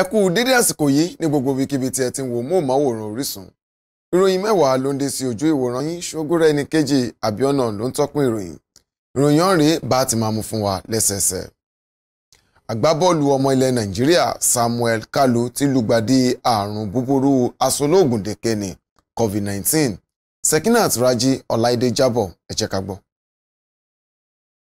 ẹ kú dédé àsìkò yìí ní gbogbo ibikíbi tí ẹ ti ń wo móhùnmáwòrán Orísun ìròyìn mẹ́wàá ló ń dé sí ojú ìwòran yín ṣogúnrẹ́ ẹni kejì àbíọ́nà ló ń tọ́pin ìròyìn ìròyìn ọ̀rẹ́ bá ti máa mú fún wa lẹ́sẹẹsẹ. àgbábọ́ọ̀lù ọmọ ilẹ̀ Nàìjíríà Samuel Kalu ti lùgbàdì àrùn búburú asolóògùn dèkéni COVID-19 Sekinat Raji Ọláìdé jábọ̀ ẹ jẹ́ ká gbọ́.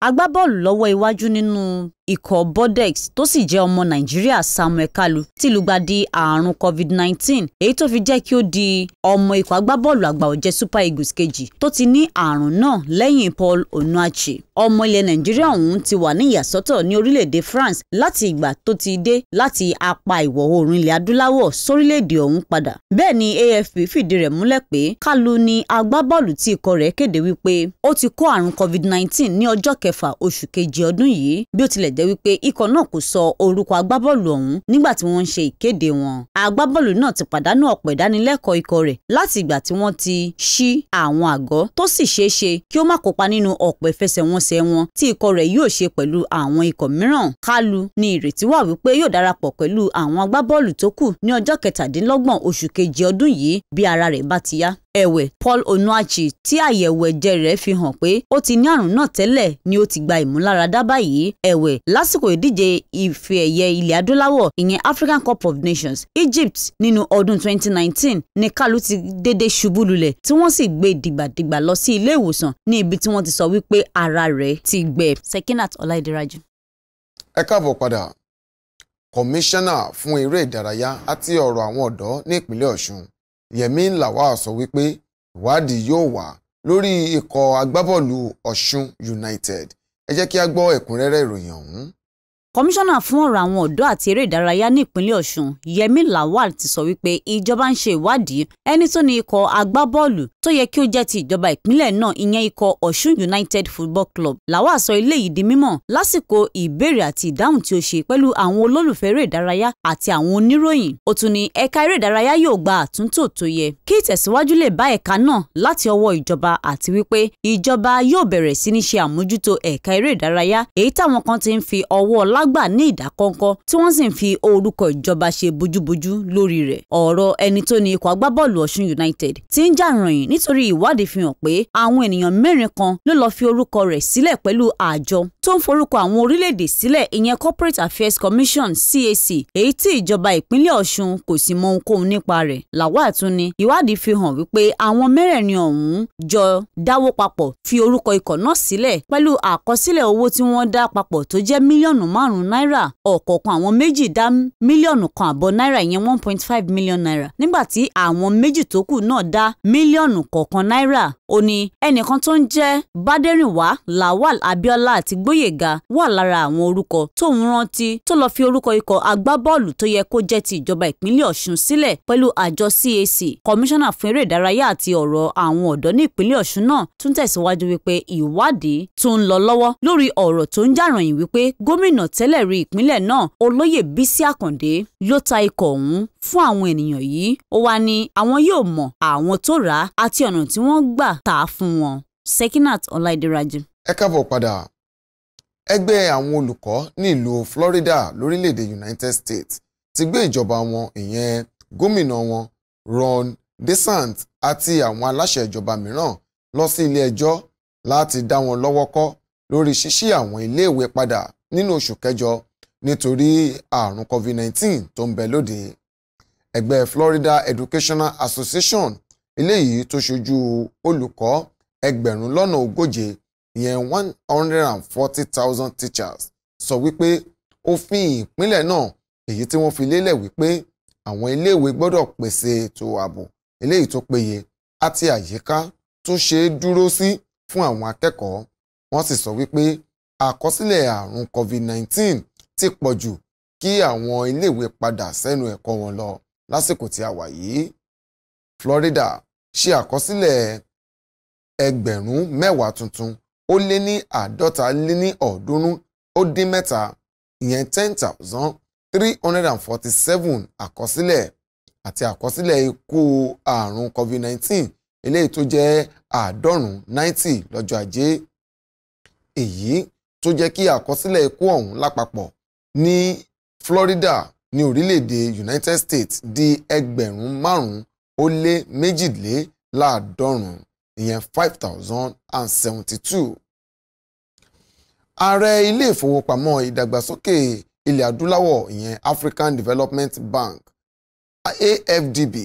agbábọ́ọ̀lù lọ́wọ́ iwájú nínú ikọ̀ Bordeaux tó sì jẹ́ ọmọ Nàìjíríà Samuel Kalu ti lùgbàdì àrùn COVID-19 èyí tó fi jẹ́ kí ó di ọmọ ikọ̀ agbábọ́ọ̀lù àgbà ọ̀jẹ̀ Super Eagles kejì tó ti ní àrùn náà lẹ́yìn Paul Onuachi ọmọ ilẹ̀ Nàìjíríà ọ̀hún ti wà ní ìyàsọ́tọ̀ ní orílẹ̀-èdè France láti ìgbà tó ti dé láti apá ìwọ̀ oòrùn ilẹ̀ adúláwọ̀ sórílẹ̀-èdè ọ̀hún padà bẹ́ẹ̀ ni AFP fìdí rẹ̀ múlẹ̀ pé Kalu ni agbábọ́ọ̀lù tí ikọ̀ rẹ̀ kéde wípé ó ti kó àrùn COVID-19 ní ọjọ́ kẹfà oṣù kejì ọdún yìí bí ó tilẹ̀ jẹ́ wípé ikọ̀ náà kò sọ orúkọ agbábọ́ọ̀lù ọ̀hún nígbà tí wọ́n ń ṣe ìkéde wọn. agbábọ́ọ̀lù náà ti pàdánù ọ̀pọ̀ ìdánilẹ́kọ̀ọ́ ikọ̀ rẹ̀ láti ìgbà tí wọ́n ti ṣí àwọn àgọ́ tó sì ṣeé ṣe kí ó má kópa nínú ọ̀pọ̀ ìfẹsẹ̀wọnsẹ̀ wọn tí ikọ̀ rẹ̀ yóò ṣe pẹ̀lú àwọn ikọ̀ mìíràn. Kalu ni ìrètí wà wípé yóò darapọ̀ pẹ̀lú àwọn agbábọ́ọ̀lù tó kù ní ọjọ́ kẹtàdínlọ́gbọ̀n oṣù kejì ọdún yìí bí ara rẹ̀ bá ti yá. Ẹ̀wẹ̀ Paul Onuachi tí àyẹ̀wò ẹ̀jẹ̀ rẹ̀ fi hàn pé ó ti ní àrùn náà tẹ́lẹ̀ ni ó ti gba ìmúláradá báyìí ẹ̀wẹ̀ lásìkò ìdíje ife ẹ̀yẹ ilẹ̀ adúláwọ̀ ìyẹn African Cup of Nations Egypt nínú ọdún 2019 ni Kalu ti dédé ṣubú lulẹ̀ tí wọ́n sì gbé dìgbàdìgbà lọ sí ilé ìwòsàn ní ibi tí wọ́n ti sọ wípé ara rẹ̀ ti gbẹ. Sekinat Ọláìdíraju. ẹ káàbọ̀ padà kọmíṣánná fún eré ìdárayá àti ọ̀rọ̀ àwọn ọ̀dọ́ ní ìpínlẹ̀ Ọ̀ṣun Yẹmí Lawal sọ wípé ìwádìí yóò wà lórí ikọ̀ agbábọ́ọ̀lù Ọ̀ṣun United ẹ jẹ́ kí a gbọ́ ẹ̀kúnrẹ́rẹ́ ìròyìn ọ̀hún kọmíṣánná fún ọ̀rọ̀ àwọn ọ̀dọ́ àti eré ìdárayá ní ìpínlẹ̀ ọ̀ṣun yẹmi lawal ti sọ wípé ìjọba ń ṣe ìwádìí ẹni tó ní ikọ̀ agbábọ́ọ̀lù tó yẹ kí ó jẹ́ ti ìjọba ìpínlẹ̀ náà ìyẹn ikọ̀ ọ̀ṣun united football club lawal sọ eléyìí di mímọ̀ lásìkò ìbéèrè àti ìdáhùn tí ó ṣe pẹ̀lú àwọn olólùfẹ́ eré ìdárayá àti àwọn oníròyìn ó tún ní ẹ̀ka eré ìdárayá yóò gba àtúntò tó yẹ kí ìtẹ̀síwájú lè bá ẹ̀ka náà gbà ní ìdákọ́ńkọ́ tí wọ́n sì ń fi orúkọ ìjọba ṣe bójúbójú lórí rẹ̀ ọ̀rọ̀ ẹni tó ní ikọ̀ agbábọ́ọ̀lù Ọ̀ṣun United ti ń jà ròyìn nítorí ìwádìí fi hàn pé àwọn ènìyàn mẹ́rin kan ló lọ́ọ́ fi orúkọ rẹ̀ sílẹ̀ pẹ̀lú àjọ tó ń forúkọ àwọn orílẹ̀-èdè sílẹ̀ ìyẹn Corporate Affairs Commission CAC èyí tí ìjọba ìpínlẹ̀ Ọ̀ṣun kò sì mọ ohunkóhun nípa rẹ̀ làwọn àtúni ìwádìí fi hàn wípé àwọn mẹ́rẹ̀ẹ̀rin ọ̀hún jọ dáwó papọ̀ fi orúkọ ikọ̀ náà sílẹ̀ pẹ̀lú àkọsílẹ̀ owó tí wọ́n dá papọ̀ tó jẹ́ mílíọ̀nù márùn márùn-ún náírà ọ̀kọ̀ọ̀kan àwọn méjì dá mílíọ̀nù kan àbọ̀ náírà ìyẹn one point five million naira nígbà tí àwọn méjì tó kù náà dá mílíọ̀nù kọ̀ọ̀kan náírà ó ní ẹnìkan tó ń jẹ́ bádẹ́rìnwá lawal abiola àti gbóyèga wà lára àwọn orúkọ tóun rántí tó lọ́ọ́ fi orúkọ ikọ̀ agbábọ́ọ̀lù tó yẹ kó jẹ́ ti ìjọba ìpínlẹ̀ ọ̀ṣun sílẹ̀ pẹ̀lú àjọ CAC kọmíṣánná fún eré ìdárayá àti ọ̀rọ̀ àwọn ọ̀dọ́ ní ìpínlẹ̀ ọ̀ṣun náà tún tẹ̀síwájú wípé ìwádìí tó ń lọ lọ́wọ́ lórí ọ̀rọ̀ tó ń jàròyìn wípé gómìnà t tẹ́lẹ̀ rí ìpínlẹ̀ náà olóyè Bísí Àkàndé ló ta ikọ̀ ọ̀hún fún àwọn ènìyàn yìí ó wá ní àwọn yóò mọ àwọn tó rà á àti ọ̀nà tí wọ́n gbà tà á fún wọn Sekinat Ọláìdíraji. ẹ káàbọ̀ padà ẹgbẹ́ àwọn olùkọ́ ní Florida lórílẹ̀‐èdè United States ti gbé ìjọba wọn ìyẹn gómìnà wọn Ron DeSantis àti àwọn aláṣẹ ìjọba mìíràn lọ sí ilé ẹjọ́ láti dá wọn lọ́wọ́ kọ́ lórí ṣíṣí àwọn iléèwé padà nínú oṣù kẹjọ nítorí àrùn covid-19 tó ń bẹ lóde ẹgbẹ́ Florida Educational Association eléyìí tó ṣojú olùkọ́ ẹgbẹ̀rún lọ́nà ogóje ìyẹn one hundred and forty thousand teachers sọ wípé òfin ìpínlẹ̀ náà èyí tí wọ́n fi lélẹ̀ wípé àwọn iléèwé gbọ́dọ̀ pèsè ètò ààbò eléyìí tó péye àti àyíká tó ṣeé dúró sí fún àwọn akẹ́kọ̀ọ́ wọ́n sì sọ wípé àkọsílẹ̀ àrùn covid-19 ti pọ̀ jù kí àwọn iléèwé padà sẹ́nu ẹ̀kọ́ wọn lọ lásìkò tí a wà yìí Florida ṣe àkọsílẹ̀ ẹgbẹ̀rún mẹ́wàá tuntun ó lé ní àádọ́ta lé ní ọ̀ọ́dúnrún ó dín mẹ́ta ìyẹn ten thousand three hundred and forty seven àkọsílẹ̀ àti àkọsílẹ̀ ikú àrùn covid-19 eléyìí tó jẹ́ àádọ́rùn-ún ninety lọ́jọ́ ajé èyí tó jẹ́ kí àkọsílẹ̀ ikú ọ̀hún lápapọ̀ ní Florida ní orílẹ̀-èdè United States di ẹgbẹ̀rún márùn-ún ó lé méjìléláàádọ́rùn-ún ìyẹn five thousand and seventy-two. Ààrẹ ilé ìfowópamọ́ ìdàgbàsókè ilẹ̀ adúláwọ̀ ìyẹn African Development Bank AFDB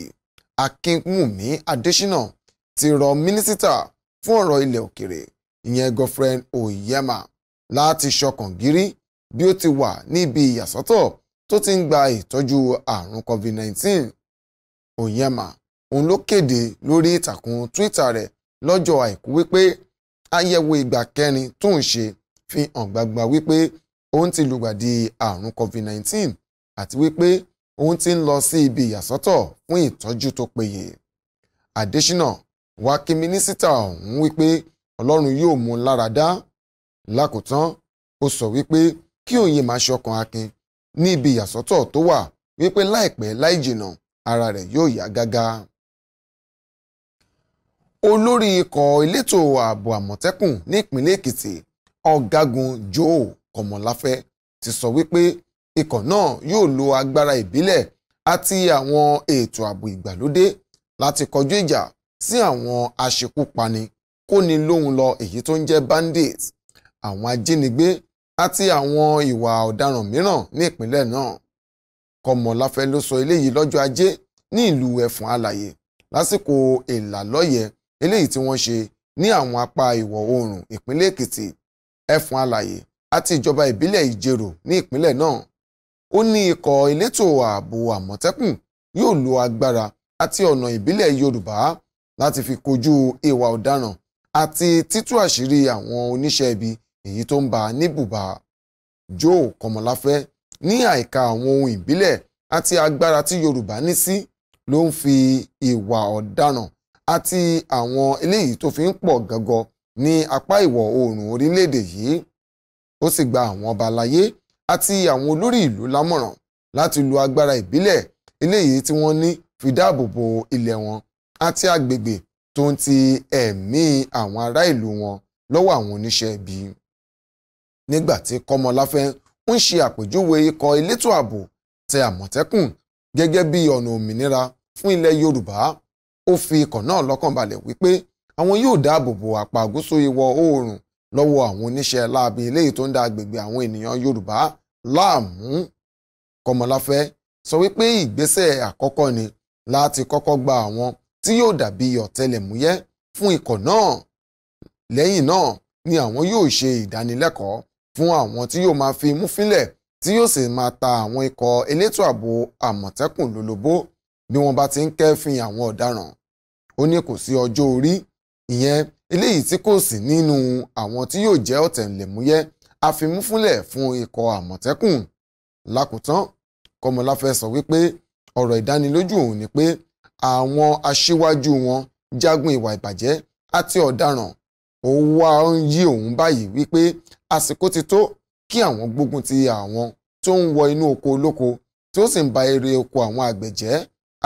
Akínwùmí Adésínà ti rọ mínísítà fún ọ̀rọ̀ ilẹ̀ òkèrè ìyẹn Godfred Oyema láti ṣọkàn gírí bí ó ti wà níbi ìyàsọ́tọ̀ tó ti ń gba ìtọ́jú àrùn covid-19 onyema òun ló kéde lórí ìtàkùn twitter rẹ̀ lọ́jọ́ àìkú wípé àyẹ̀wò ìgbà kẹrin tó ń ṣe fi hàn gbangba wípé òun ti lùgbàdì àrùn covid-19 àti wípé òun ti ń lọ sí ibi ìyàsọ́tọ̀ fún ìtọ́jú tó péye Adésínà wá mínísítà ọ̀hún wípé Ọlọ́run yóò mú un lára dá lákòótán ó sọ wípé kí òye máa ṣọkàn akin ní ibi ìyàsọ́tọ̀ tó wà wípé láìpẹ́ láì jìnà ara rẹ̀ yóò yá gágá. olórí ikọ̀ elétò ààbò àmọ̀tẹ́kùn ní ìpínlẹ̀ èkìtì ọ̀gágun joe kọmọláfẹ́ ti sọ wípé ikọ̀ náà yóò lo agbára ìbílẹ̀ àti àwọn ètò ààbò ìgbàlódé láti kọjú ìjà sí àwọn aṣekúpani kóni lóhùn lọ èyí tó ń jẹ́ bandits àwọn ajínigbé àti àwọn ìwà ọ̀daràn mìíràn ní ìpínlẹ̀ náà Kọ́mọláfẹ́ ló sọ eléyìí lọ́jọ́ ajé ní ìlú Ẹfọ̀n Alàyè lásìkò ìlàlọ́yẹ̀ eléyìí tí wọ́n ṣe ní àwọn apá ìwọ̀ oòrùn ìpínlẹ̀ Èkìtì Ẹfọ̀n Alàyè àti ìjọba ìbílẹ̀ Ìjerò ní ìpínlẹ̀ náà ó ní ikọ̀ elétò ààbò Àmọ̀tẹ́kùn yóò lo agbára àti ọ̀nà ìbílẹ̀ Yorùbá láti fi kojú ìwà ọ̀daràn àti títú àṣírí àwọn oníṣẹ́ ibi èyí tó ń bá níbùbà Joe Kọmọláfẹ́ ní àìka àwọn ohun ìbílẹ̀ àti agbára tí Yorùbá ní sí ló ń fi ìwà ọ̀daràn àti àwọn eléyìí tó fi ń pọ̀ gangan ní apá ìwọ̀ oòrùn orílẹ̀-èdè yìí ó sì gba àwọn ọba aláyé àti àwọn olórí ìlú lámọ̀ràn láti lo agbára ìbílẹ̀ eléyìí tí wọ́n ní fi dáàbò bo ilẹ̀ wọn àti agbègbè tó ń ti ẹ̀mí àwọn ará ìlú wọn lọ́wọ́ àwọn oníṣẹ́ ibi nígbà tí kọ́mọláfẹ́ ń ṣe àpèjúwe ikọ̀ elétò ààbò tẹ àmọ̀tẹ́kùn gẹ́gẹ́ bí ọ̀nà òmìnira fún ilẹ̀ yorùbá ó fi ikọ̀ náà lọ́kàn balẹ̀ wípé àwọn yóò dáàbò bo apá gúúsù ìwọ̀ oòrùn lọ́wọ́ àwọn oníṣẹ́ láabi eléyìí tó ń da agbègbè àwọn ènìyàn yorùbá láàmú kọ́mọláfẹ́ sọ wípé ìgbésẹ̀ àkọ́kọ́ ni láti kọ́kọ́ gba àwọn tí yóò dàbí ọ̀tẹlẹ̀múyẹ́ fún ikọ̀ náà lẹ́yìn náà ni àwọn yóò ṣe ìdánilẹ́kọ̀ọ́ fún àwọn tí yóò máa fi imú fílẹ̀ tí yóò sì máa ta àwọn ikọ̀ elétò ààbò àmọ̀tẹ́kùn lólobó bí wọ́n bá ti ń kẹ́fìn àwọn ọ̀daràn ó ní kò sí ọjọ́ orí ìyẹn eléyìí tí kò sí nínú àwọn tí yóò jẹ́ ọ̀tẹ̀lẹ̀múyẹ́ àfimúfúnlẹ̀ fún ikọ̀ àmọ̀tẹ́kùn lákòótán kọmọláfẹ́ sọ wípé ọ̀rọ̀ ìdánilójú òun ni pé àwọn aṣíwájú wọn jagun ìwà ìbàjẹ́ àti ọ̀daràn ó wá ń yí òun báyìí wípé àsìkò ti tó kí àwọn gbógun ti àwọn tó ń wọ inú oko olóko tí ó sì ń ba èrè oko àwọn àgbẹ̀ jẹ́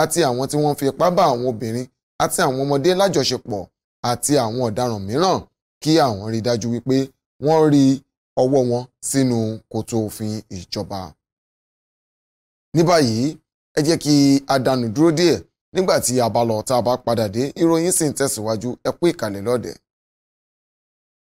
àti àwọn tí wọ́n fi ipá bá àwọn obìnrin àti àwọn ọmọdé lájọṣepọ̀ àti àwọn ọ̀daràn mìíràn kí àwọn rí dájú wípé wọ́n rí ọwọ́ wọn sínú kòtò òfin ìjọba. ní báyìí ẹ jẹ́ kí a dánu dúró díẹ̀ nígbà tí a bá lọ tá a bá padà dé ìròyìn sì ń tẹ̀síwájú ẹ kú ìkàlẹ̀ lọ́dẹ̀ẹ́.